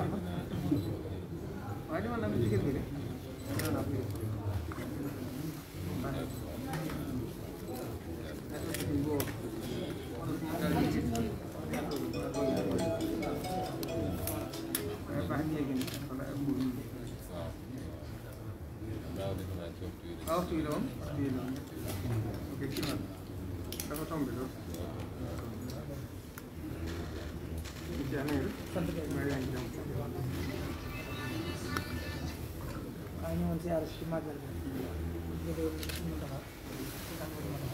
Tamam. ci màggal bi jógee ci mu doxal ci ndax mu doxal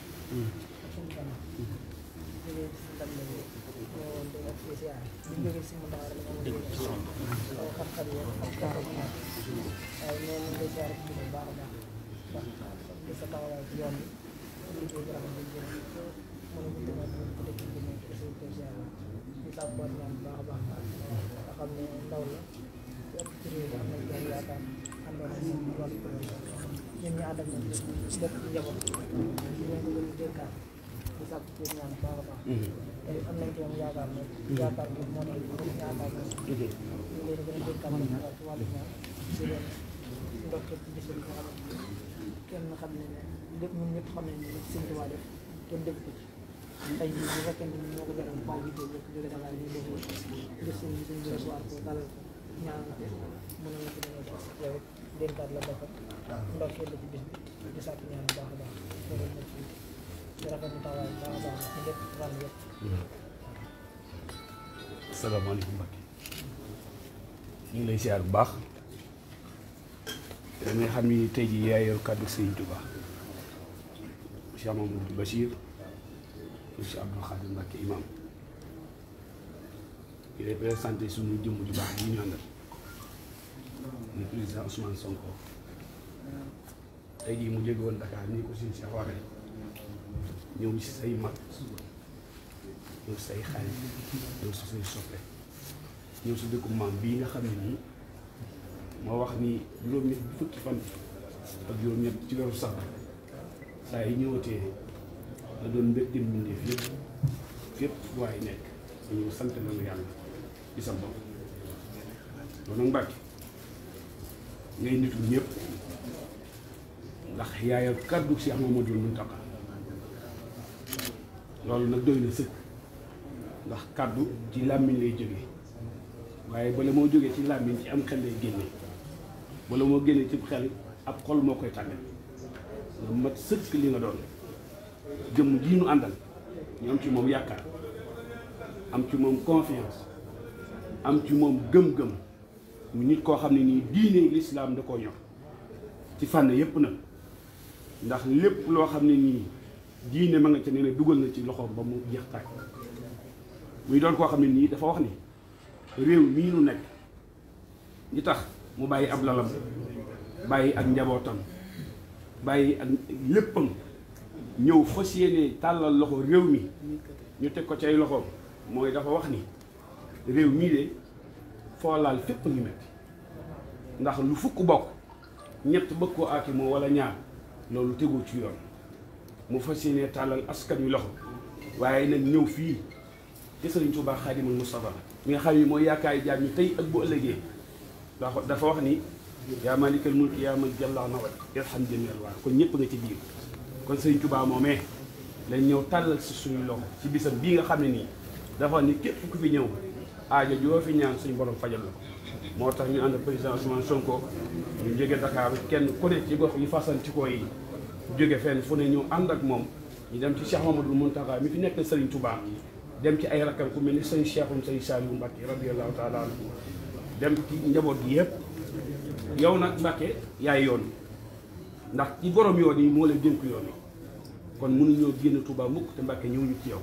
ak suñu benn jógee ci ndam la ñu woon di ak siyaar ñu jógee ci mu doxal rek moom jógee xam-xam yi ak taaru bu nekk waaye ñoo ñu ngi siyaar ci bu baax a baax ndax di sa taxawaay ci yoon bi liggéey bi rafet bi jël mënu ko dëgg ko dëgg bi nekk aussi ko siyaar di sàppoon ñaan bu baax a baax nga xam ne ndaw la ci ëpp ci réew mi am nañ benn yaakaar ñun ñu ànd ak ñoom lépp njaboot ñu leen ko gën a dénkaat di sàkk ci ñaan bu baax a baax te am nañ ci moom yaakaar ne yaakaar bi moo nekk yaakaar bi ñu leen gën a dénkaat ci lépp ñun ñëpp xam nañ ne def kenn dégg ko ci tey jii bu fekkee ne ñoo ko jaral ba jóge Dakar ñu déglu gis suñu ko dalal ko ñaan na ko ci dina ngi lay siyaar bu baax da nga xam ni tey ji yaa yor kàddu Sëriñ Tuubaa Cheikh Mamadou Bachir Cheikh Abdou Khadim Mbacke imam di représenté suñu jëmm ju baax yi ñu àndal muy président Ousmane Sonko tey jii mu jóge woon Dakar nii ko suñu Cheikh waxee ñëw si say mag ñëw si say xarit ñëw si say soppe ñëw si dëkku maam bii nga xam ni moo wax ni juróom-ñett fukki fan ak juróom-ñett ci weeru sax saa yi ñëwatee na doon mbégte mbindeef yëpp fépp waaye nekk ñu sant nañu yàlla gisam bopp loolu nag Mbàkke ngay nitu ñëpp ndax yaayal kàddu si am ma dul Muntaqa loolu nag doy na sëkk ndax kàddu ci làmmiñ lay jóge waaye bala moo jóge ci làmmiñ ci am xel lay génne bala moo génne ci xel ab xol moo koy tàggat nga mat sëkk li nga doon jëm ji àndal ñu am ci moom yaakaar am ci moom confiance am ci moom gëm-gëm mu nit koo xam ne nii diine lislaam da koo ñor ci fànn yépp nag ndax lépp loo xam ne nii diine ma nga ca nee na dugal na ci loxoom ba mu jeex tàkk muy doon koo xam ne nii dafa wax ni réew mii nu nekk ñi tax mu bàyyi ab lalam bàyyi ak njabootam bàyyi ak léppam ñëw fas yéene tàllal loxo réew mi ñu teg ko ci ay loxoom mooy dafa wax ni réew mii de foo laal fépp ngi metti ndax lu fukk bokk ñett bëgg koo aakimoo wala ñaar loolu tegoo ci yoon moo fa yéene tàllal askan wi loxo waaye nag ñëw fii ci Sëriñ Tuubaa Xaadimul Mustafaa mi nga xam ne mooy yaakaar jaam ñu tey ak bu ëllëgee ndax dafa wax ni yaa maalikal mulki yaa man jalla nawat yarham jamial waar kon ñëpp nga ci biir kon Sëriñ Tuubaa moomee lañ ñëw tàllal si suñu loxo ci bisam bi nga xam ne nii dafa ni képp ku fi ñëw aajo joo fi ñaan suñu borom fajal la ko moo tax ñu ànd président Ousmane Sonko ñu jóge Dakar kenn ku ne ci gox yu fasantikoo yi jóge fenn fu ne ñu ànd ak moom ñu dem ci Cheikh Mamadou Mountakha mi fi nekk Serigne Touba dem ci ay rakkam ku mel ni sëñ Cheikhoum sëñ Saliou Mbacké radiyallahu taala anhu dem ci njaboot gi yëpp yow nag Mbacké yaay yoon ndax ci borom yoon yi moo la dénk yoon yi kon mënuñoo génn Touba mukk te Mbacké ñëw ñu ci yow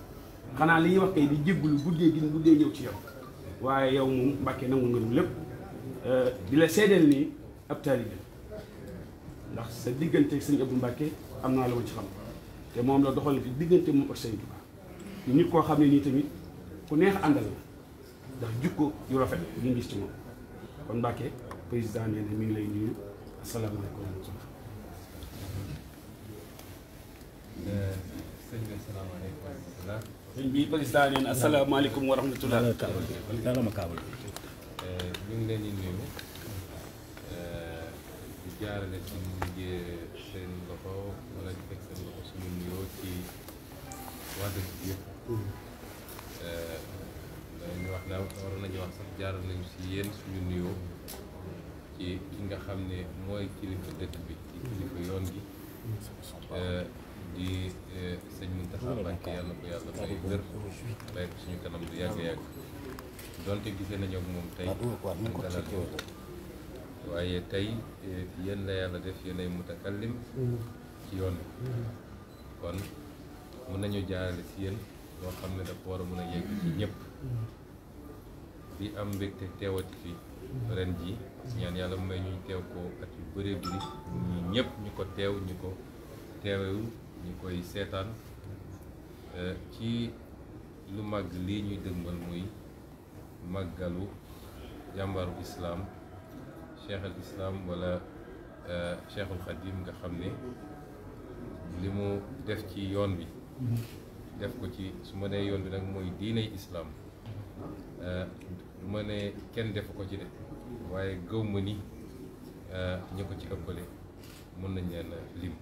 xanaa li ñuy wax kay di jéggulu guddee gi guddee ñëw ci yow waaye yow moom Mbàkke nangu nga ñu lépp euh, di la seedeel nii ab taalibe ndax sa diggante ak sëñ Mbàkke am naa la ma ci xam te moom la doxal ci diggante moom ak sëñ Tuubaa nit koo xam ne nii tamit ku neex àndal la ndax jukko yu rafet li ñu gis ci moom kon Mbàkke président nee na mi ngi lay nuyu asalaamaaleykum wa rahmatulah. Euh, sëñ bi asalaamaaleykum sëñ bi président nee na asalaamaaleykum wa rahmatulah. Eh, ngi leen di nuyu eh, di jaarale ci mujjee seen loxo wala di fekk seen loxo suñu nuyoo ci waa dëkk bi yëpp. Eh, ñu wax daaw waroon nañu wax sax jaaral nañu si yéen suñu nuyoo ci ki nga xam ne mooy kilifa dëkk bi ci kilifa yoon gi di sëñ. Mbàkke yàlla ko yàlla may wér may ko suñu kanam du yàgg yàgg donte gisee nañu ak moom tey ak waaye tey eh, yéen yàlla def yéenay mutakallim mën nañu jaarale si yéen loo xam ne dafa war a mën a yegg ci ñëpp di am mbégte teewati fi ren ji ñaan yàlla may ñu teew ko at yu bëree bëri ñi ñëpp ñu ko teew ñu ko teewewu ñu koy seetaan Euh, ci lu màgg lii ñuy dëgmal muy màggalu jàmbaaru islaam cheikh islaam wala euh, cheikhul xadim nga xam ni li mu def ci yoon bi def ko ci su ma nee yoon bi nag mooy diiney islaam euh, du ma ne kenn def ko ci de waaye gëw ma ni ñi ko ci ëppale mën nañ leen lim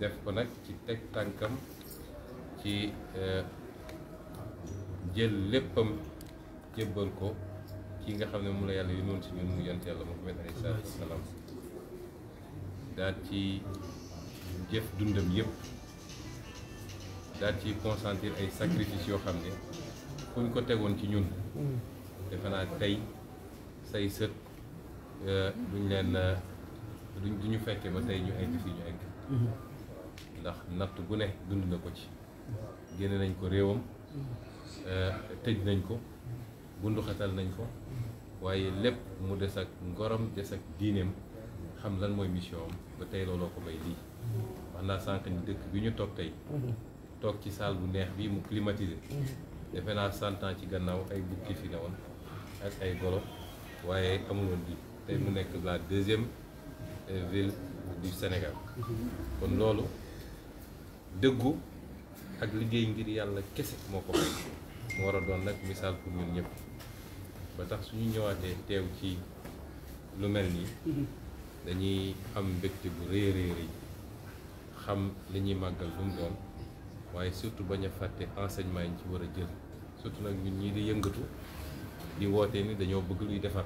def ko nag ci teg tànkam ci e, jël léppam jébbal ko ki nga xam ne mu la yàlla yu noonu si ñun mu yonent yàlla Muhammad alayhi salaatu wasalaam daal ci jëf dundam yëpp daal ci consentir ay sacrifice yoo xam ne fu ko tegoon ci ñun defe naa tey say sët e, duñ leen e, duñ duñu fekke ba tey ñu egg fii ñu egg mm-hmm. ndax natt bu ne dund na ko ci génne nañ ko réewam euh, tëj nañ ko bunduxatal nañ ko waaye lépp mu des ak ngorom des ak diineem xam lan mooy mission am ba tey looloo ko may lii wax naa sànq ni dëkk bi ñu toog tey toog ci salle bu neex bi mu climatisé defe naa ci gannaaw ay bukki fi ne woon ak ay golo waaye amul woon lii tey mu nekk la deuxième ville di Sénégal kon loolu dëggu ak liggéey ngir yàlla kese moo ko may mu war a doon nag misaal pour ñun ñëpp ba tax suñu ñëwaatee teew ci lu mel nii dañuy am mbégte bu rëy rëy xam li ñuy màggal lu doon waaye surtout bañ a fàtte enseignement yi ci war a jël surtout nag ñun ñii di yëngatu di woote ni dañoo bëgg luy defar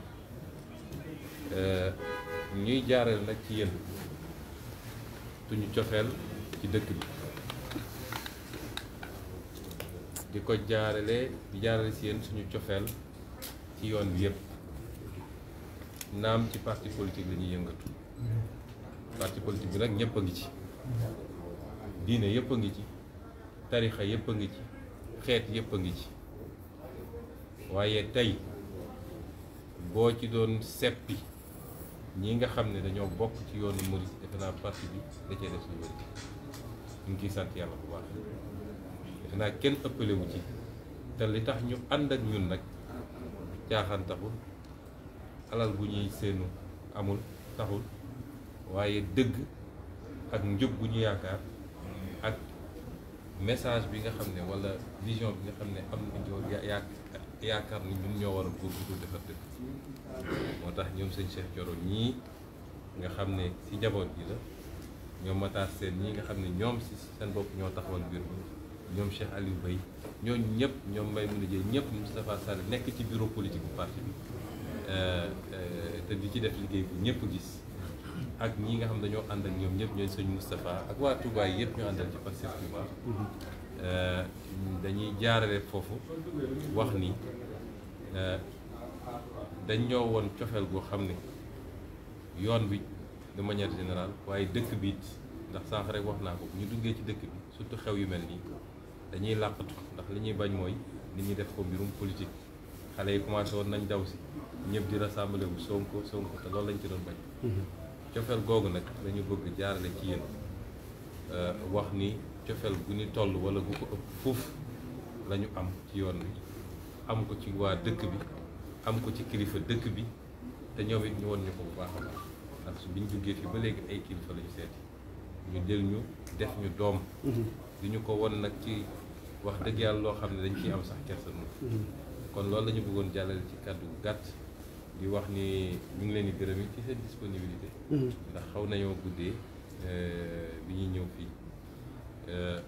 ñuy jaareel nag ci yéen suñu cofeel ci dëkk bi di ko jaarale di jaarale si yéen suñu cofeel ci yoon bi yëpp naam ci parti politique la ñuy yëngatu parti politique bi nag ñëpp a ngi ci diine yëpp a ngi ci tarixa yëpp a ngi ci xeet yëpp a ngi ci waaye tey boo ci doon seppi ñi nga xam ne dañoo bokk ci yoonu murit defe naa parti bi da cee def lu bëri ñu ngi ciy sant yàlla bu baax xanaa kenn ëppalewu ci te li tax ñu ànd ak ñun nag caaxaan taxul alal bu ñuy seenu amul taxul waaye dëgg ak njub bu ñu yaakaar ak message bi nga xam ne walla vision bi nga xam ne am nañu yaa yaakaar ni ñun ñoo war a góorgóorlu defar dëkk moo tax ñoom sëñ Cheikh Thioro ñii nga xam ne ci njaboot gi la ñoom Matar Seen ñii nga xam ne ñoom si seen bopp ñoo taxawal mbir mi ñoom Cheikh Aliou Bey ñoo ñëpp ñoom may mën a jël ñëpp Moustapha Sall nekk ci bureau politique bu parti bi euh, euh, te di ci def liggéey bu ñëpp gis ak ñi nga xam dañoo ànd ak ñoom ñëpp ñooy sëñ Moustapha ak waa Touba yi yëpp ñu àndal ci Pastef Touba euh, dañuy jaarale foofu wax ni dañ ñoo woon cofeel goo xam ne yoon bi de manière générale waaye dëkk bi ndax sànq rek wax naa ko bu ñu duggee ci dëkk bi surtout xew yu mel nii dañuy làqatu ndax li ñuy bañ mooy nit ñi def ko mbirum politique xale yi commencé woon nañ daw si ñëpp di rassemblé wu Sonko Sonko te lool lañ ci doon bañ mhm. cofeel googu nag dañu bëgg jaarale ci yéen euh, wax ni cofeel gu ni toll wala gu ko ëpp fuuf lañu am ci yoon bi am ko ci waa dëkk bi am ko ci kilifa dëkk bi te ñoom it ñu woon ñu ko bu baax a baax ndax su biñ duggee fi ba léegi ay kilifa lañu seeti ñu jël ñu def ñu doom mhm. di ñu ko won nag ci wax dëgg yàlla loo xam ne dañ ciy am sax kersa moom mm-hmm. kon loolu lañu bëggoon jàllale ci kàddu gàtt di wax ni ñu ngi leen di gërëm ci seen disponibilité mm-hmm. ndax xaw nañoo guddee euh, bi ñuy ñëw fii euh,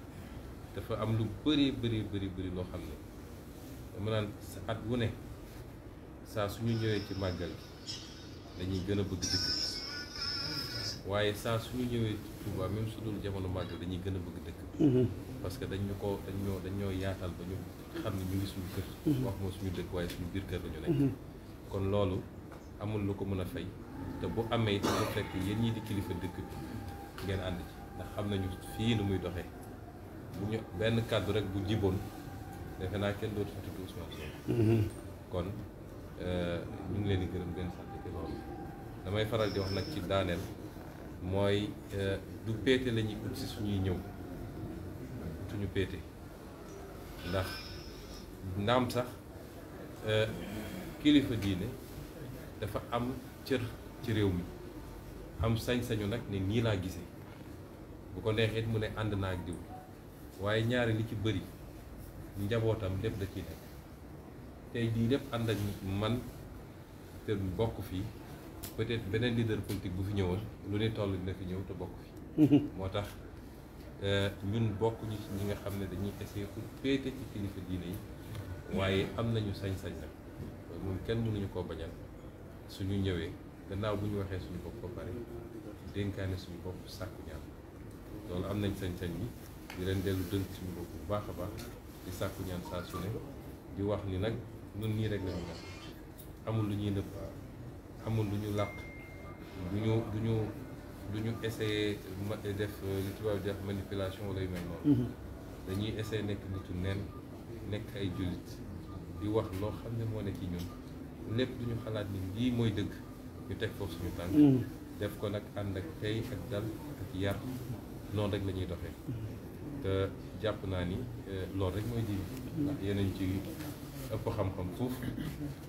dafa am lu bëri bëri bëri bëri loo xam ne dama naan at wu ne saa suñu ñëwee ci màggal dañuy gën a bëgg dëkk bi waaye saa suñu ñëwee ci Touba su dul jamono màggal dañuy gën a bëgg dëkk parce que dañ ñu ko dañ ñoo dañ yaatal ba ñu xam ne ñu ngi suñu kër. Mm-hmm. wax moo suñu dëkk waaye suñu biir kër la ñu mm-hmm. kon loolu amul lu ko mën a fay te bu amee te bu fekk yéen ñi di kilifa dëkk bi ngeen ànd ci ndax xam nañu fii nu muy doxee bu ñu benn kàddu rek bu jiboon defe naa kenn dootu fi tudd Ousmane Sonko mm-hmm. kon euh, ñu ngi leen di gërëm leen sant ci loolu damay faral di wax nag ci daaneel mooy euh, du péete la si suñuy ñëw. ñu péete ndax naam sax euh, kilifa diine dafa am cër ci réew mi am sañ-sañu nag ni nii laa gisee bu ko neexee mu ne ànd naa ak diw waaye ñaari li ci bëri njabootam lépp da ciy nekk tey jii lépp ànd ak man te bokk fii peut-être beneen leader politique bu fi ñëwoon lu ne toll dina fi ñëw te bokk fi moo tax Euh, ñun bokk ñu ci ñi nga xam ne dañuy essayer pour féete ci kilifa diine yi waaye am nañu sañ-sañ nag moom kenn mënuñu koo bañal suñu ñëwee gannaaw bu ñu waxee suñu bopp ba pare dénkaane suñu bopp sàkku loolu am nañ sañ-sañ bi di leen dellu dënk suñu bopp bu baax a baax di sàkku saa su ne di wax ni nag nun nii rek lañu amul lu ñuy nëbb amul lu ñu làq du ñu lu ñu essayé def euh, li tubaab def manipulation wala yu mel noonu mhm. dañuy essayé nekk nitu neen nekk ay jullit di wax loo xam ne moo ne ci ñun lépp du ñu xalaat ni lii mooy dëgg ñu teg foofu suñu tànk mhm. def ko nag ànd ak tey ak dal ak yar noonu rek la doxee mhm. te jàpp naa ni euh, loolu rek mooy diine ndax yeneen ci ëpp xam-xam foofu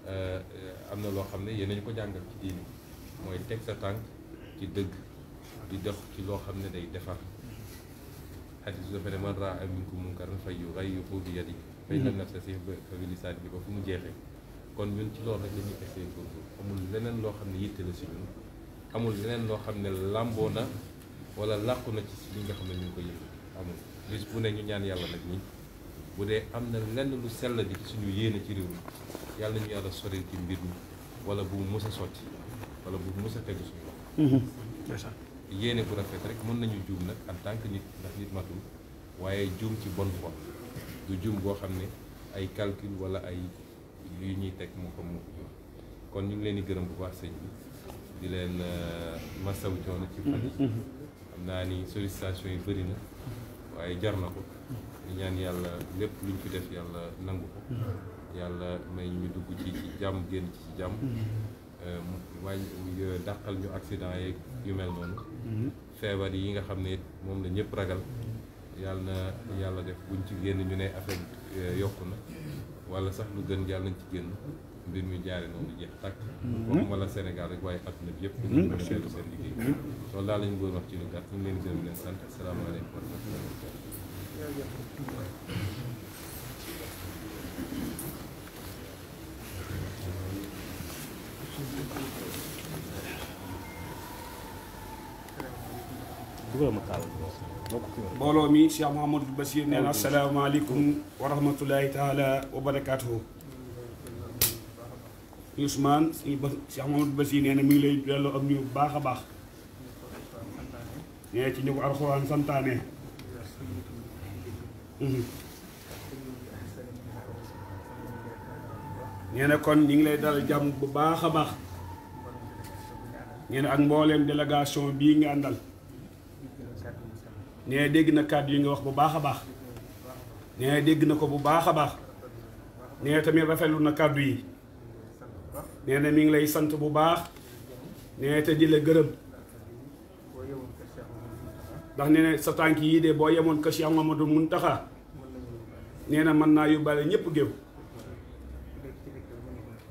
euh, am na loo xam ne yeneen ko jàngal ci diine mooy teg sa tànk ci dëgg di dox ci loo xam ne day defar xadis dafa ne man raa minkum munkaran fa yughayyihu bi yadihi fa in lam yastati' fa bi lisaanihi ba fu mu jeexee kon ñun ci loolu rek la ñuy essayé góorgóorlu leneen loo xam ne yitte la ñun amul leneen loo xam ne làmboo na wala làqu na ci li nga xam ne ñu ko yëngu amul bis bu ne ñu ñaan yàlla nag ñi bu dee am na lenn lu sell di ci suñu yéene ci réew mi yàlla ñu yàlla soril ci mbir mi wala bu mu mës a sotti wala bu mu tegu suñu loxo mm-hmm. yéene bu rafet rek mën nañu juum nag en tant que nit ndax nit matul waaye juum ci bonne foi du juum boo xam ne ay calcul wala ay yu ñuy teg mu ko mu kon ñu ngi leen di gërëm bu baax sëñ bi di leen euh, masawu coono ci fan yi mm-hmm. Mm-hmm. naa ni sollicitation yi bëri na waaye jar na ko ñu ñaan yàlla lépp luñ fi def yàlla nangu ko mm-hmm. yàlla may ñu dugg ci ci jàmm génn ci ci jàmm euh, wàññi euh, dàqal ñu accident yeeg yu mel noonu mhm. feebar yi nga xam ne moom la ñëpp ragal yàlla na yàlla def buñ ci génn ñu ne affaire euh, yokku na wala sax lu gën yàlla nañ ci génn mbir mi jaare noonu jeex tàkk comme wala senegal rek waaye adduna bi yëpp ñu mhm. mën a seen liggéey mhm. loolu daal lañu bëggoon wax ci lu gàtt ñu ngi leen gërëm leen sant asalaamaaleykum wa rahmatulah mbooloo mi Cheikh Mouhamadou Bachir nee na asalaamaaleykum wa rahmatulahi taala wa barakaatuhu Ousmane suñu ba Cheikh na mi ngi lay delloo ak nuyu bu baax a baax nee ci ñu ko alxuraan santaane mhm. nee kon ñu ngi lay dalal jàmm bu baax a baax nee na ak mbooleem délégation bii nga àndal nee dégg na kàddu yi nga wax bu baax a baax nee dégg na ko bu baax a baax nee tamit rafetlu na kàddu yi nee na mi ngi lay sant bu baax nee te di la gërëm ndax nee na sa tànk yii de boo yemoon ko Cheikh Mamadou Muntaxa nee na mën naa yóbbaale ñëpp géew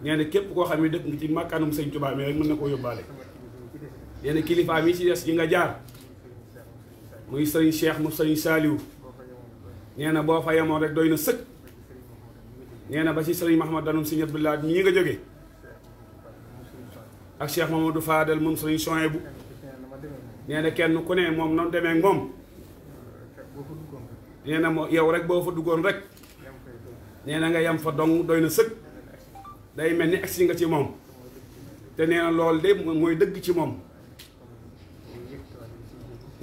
nee képp koo xam ne dëkk nga ci màkkaanum sëñ Tuubaa mi rek mën na koo yóbbaale nee na kilifaam ci des yi nga jaar muy sëriñ Cheikh mu sëriñ Saaliw nee na boo fa yamoon rek doy na sëkk nee na ba ci sëriñ Mahamad danum sëriñ Abdoulaye ñii nga jóge ak Cheikh Mamadou Fadel moom sëriñ Chouaïbou nee na kenn ku ne moom na demee ak moom nee na moo yow rek boo fa duggoon rek nee na nga yam fa dong doy na sëkk day mel ni agsi nga ci moom te nee na loolu de mooy dëgg ci moom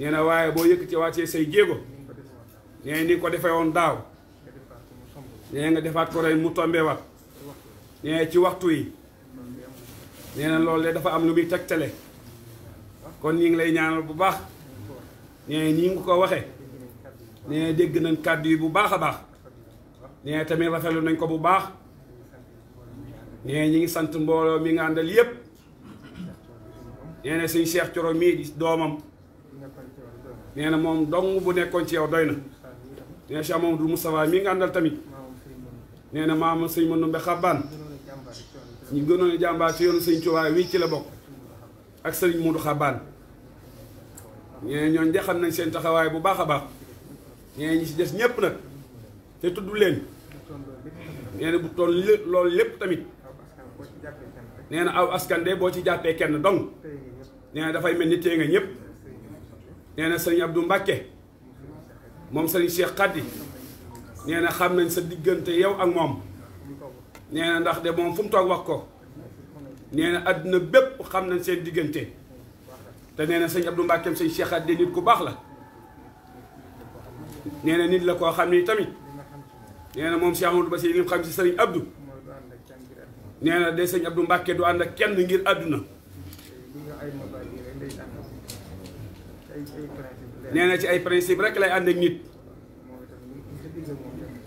nee na waaye boo yëkkati waatee say jéego nee ni ko defee woon daaw nee nga defaat ko ren mu tombee waat ci waxtu yi nee na loolu dafa am lu muy tegtale kon ñi ngi lay ñaanal bu baax nee ñi ngi ko waxee nee dégg nañ kàddu yi bu baax a baax nee tamit rafetlu nañ ko bu baax nee ñi ngi sant mbooloo mi nga àndal yépp nee suñ Cheikh Thioro mii di doomam nee na moom dong bu nekkoon ci yow doy na nee na Cheikh Mamadou Moustapha mi nga àndal tamit nee na maam sëñ Mandumbe Xabbaan ñu gënoon a jàmbaar ci yoonu sëñ Tuubaa wii ci la bokk ak sëriñ Modou Xabbaan nee na ñooñu nañ seen taxawaay bu baax a baax nee ñi si des ñépp nag te tudd leen nee na bu toon loolu lépp tamit nee na aw askan de boo ci jàppee kenn dong nee dafay mel ni téye nga ñépp nee na sëriñ du Mbacke moom sëriñ Cheikh Khady nee xam nañ sa diggante yow ak moom nee ndax de moom fu mu toog wax ko nee na àdduna bépp xam nañ seen diggante te nee na sëñ Abdou Mbackeem sëñ Cheikh Khady nit ku baax la nee na nit la koo xam ni tamit nee na moom Cheikh ba Bassirou li mu xam si sëriñ Abdou nee na de sëñ Abdou Mbacke du ànd ak kenn ngir àdduna. nee ci ay principe rek lay ànd ak nit.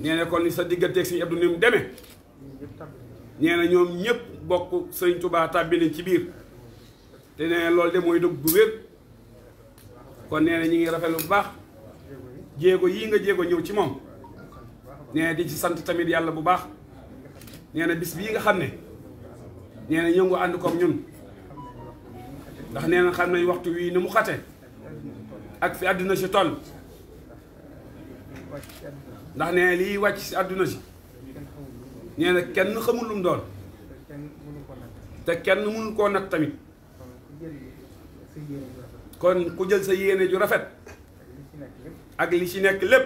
nee kon sa digganteeg sëñ Abdou ni mu demee. nee ñoom ñëpp bokk sëñ Touba tàbbi ci biir. te nee na loolu de mooy dëgg bu wér. kon nee na ñu ngi rafetlu bu baax. jéego yii nga jéego ñëw ci moom. nee di ci sant tamit yàlla bu baax. nee na bis bii nga xam ne. nee na ñëw nga ànd koog ñun. ndax nee na xam nañ waxtu wii ni mu xate ak fi àdduna si toll ndax nee liy wàcc si àdduna si nee kenn xamul lum doon te kenn mënu koo nag tamit kon ku jël sa yéene ju rafet ak li ci nekk lépp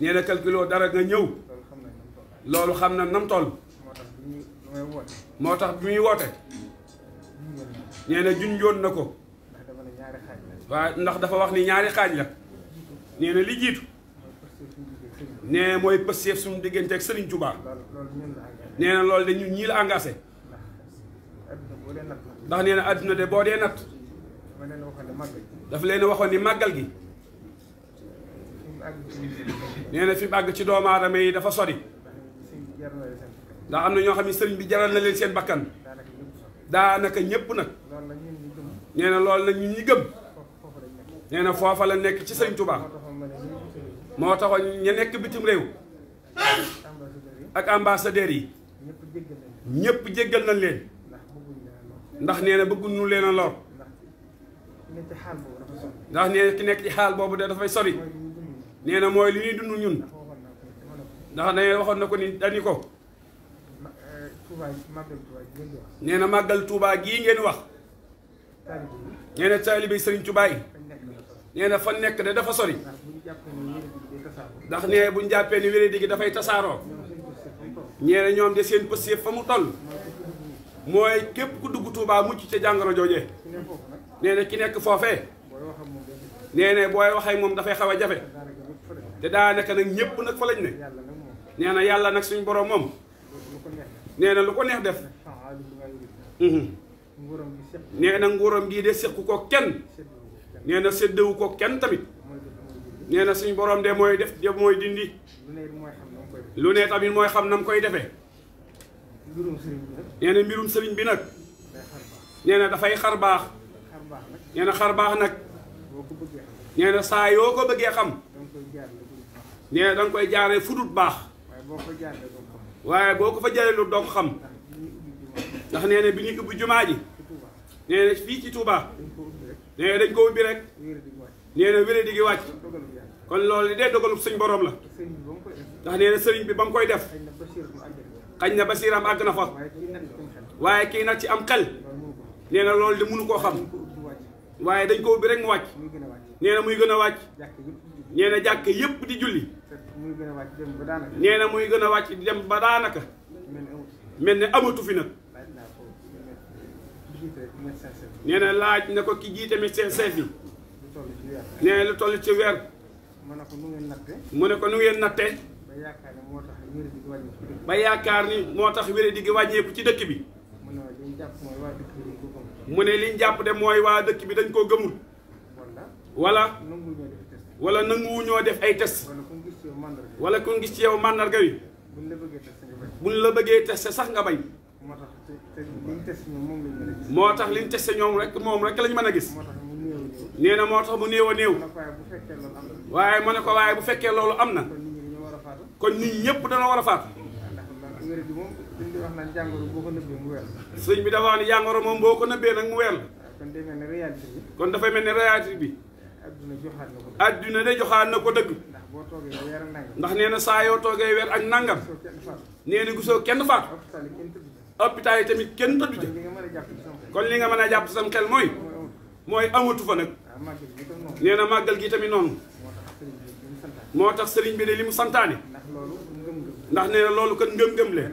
nee na calculoo dara nga ñëw loolu xam na nam toll moo tax bi muy woote nee na na ko waaw ndax dafa wax ni ñaari xaaj la nee na li jiitu nee mooy pësteef suñu diggante ak Serigne Touba nee na loolu de ñun ñii la engagé ndax nee na adduna de boo dee natt dafa leen waxoon ni màggal gi nee na fi àgg ci doomu aadama yi dafa sori ndax am na ñoo xam ne sëriñ bi jaral na leen seen bakkan daanaka ñëpp nag nee na loolu nag ñun ñi gëm. nee na foofa la nekk ci sëñ Touba moo taxoon ñu nekk bitim réew ak ambassadeurs yi ñëpp jéggal nañ leen ndax nee na bëgguñu leen a lor ndax nee ki nekk ci xaal boobu de dafay sori nee na mooy li ñuy dund ñun ndax dañuy waxoon na ko ni dañu ko nee na màggal Touba gii ngeen wax nee na taalibe Sëriñ Touba yi nee na fa nekk de dafa sori. ndax nee bu ñu jàppee ni wéré digi dafay tasaaroo. ñee na ñoom de seen pëstéef fa mu toll. mooy képp ku dugg Touba mucc ca jàngoro jooje. nee na ki nekk foofee. nee na booy waxee moom dafay xaw a jafe. te daanaka nag ñëpp nag fa lañ ne. nee na yàlla nag suñu borom moom. nee na lu ko neex def. Mhm. nee na nguuram gii de seq ko kenn. nee na séddewu ko kenn tamit nee na suñ borom de mooy def de mooy dindi lu ne tamit mooy xam na mu koy defee nee mbirum sëriñ bi nag nee dafay xar baax nee na xar baax nag nee na saa yoo ko bëggee xam nee na danga koy jaare fu dul baax waaye boo ko fa jaaree lu doog xam ndax nee na bi ñu ubbi jumaa ji nee fii ci Touba. nee dañ ko ubbi rek nee na wéré di gi wàcc kon loolu li dee dogalu sëñ boroom la ndax nee na sëriñ bi ba mu koy def xañ na basiiram àgg na fa waaye kii nag ci am xel nee na loolu di mënu koo xam waaye dañ ko ubbi rek mu wàcc nee na muy gën a wàcc nee na jàkk yépp di julli nee na muy gën a wàcc dem ba daanaka mel ne amatu fi nag nee na laaj na ko ki jiite médecin chef bi. nee na lu toll ci weer. mu ne ko nu ngeen natte. mu ne ko nu ngeen natte. ba yaakaar ni moo tax wéradi gi wàññeeku ci dëkk bi. ba yaakaar ni moo gi wàññeeku ci dëkk bi. mu ne li ñu jàpp de mooy waa dëkk bi dañ koo gëmul. wala. wala nanguwu ñoo def ay test. wala ku gis ci yow màndarga wi. buñ la bëggee test sax nga bañ. moo tax te te liñ moo tax liñ teste ñoom rek moom rek lañ mën a gis. nee na moo tax mu néew a néew. waaye ma ne ko waaye bu fekkee loolu am na. kon nit ñëpp dana war a faatu. sëñ bi dafa wax ne jàngoro moom boo ko nëbbee nag mu weer la. kon dafay mel ni réalité bi. adduna de joxaat na ko dëgg. ndax nee na saa yoo toogee weer ak nangam. nee na gisoo kenn faatu. hôpital yi tamit kenn tëddu ca. kon li nga mën a jàpp sam xel mooy mooy amatu fa nag nee na màggal gi tamit noonu moo tax sëriñ bi de li mu santaane ndax nee loolu kat ngëm-ngëm le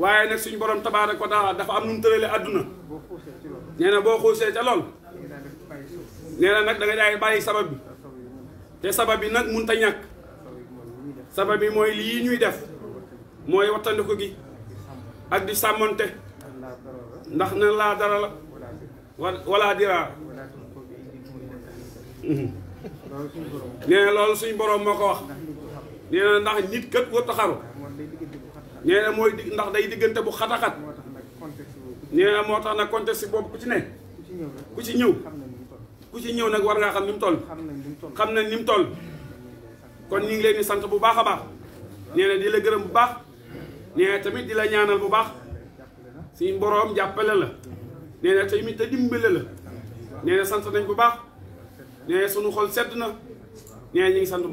waaye nag suñu borom tabaaraka ko taala dafa am nu mu tërale àdduna nee na boo xuusee ca lool nee nag da nga daay bàyyi sabab bi te sabab bi nag mënut a ñàkk sabab bi mooy lii ñuy def mooy wattandiku gi ak di sàmmonte ndax ne laa dara la wala diraara nee na loolu suñ borom moo ko wax nee na ndax nit kat wër taxaru nee na mooy di ndax day diggante bu xataxat nee na moo tax nag contexte boobu ku ci ne ku ci ñëw ku ci ñëw nag war ngaa xam ni mu toll xam nañ ni mu toll kon ñu ngi leen di sant bu baax a baax nee na di la gërëm bu baax nee tamit di la ñaanal bu baax suñ boroom jàppale la nee na tey mi dimbale la nee sant nañ bu baax nee xol sedd na nee na ñu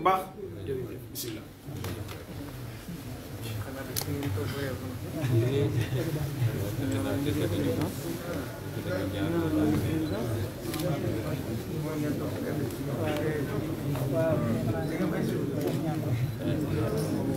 ngi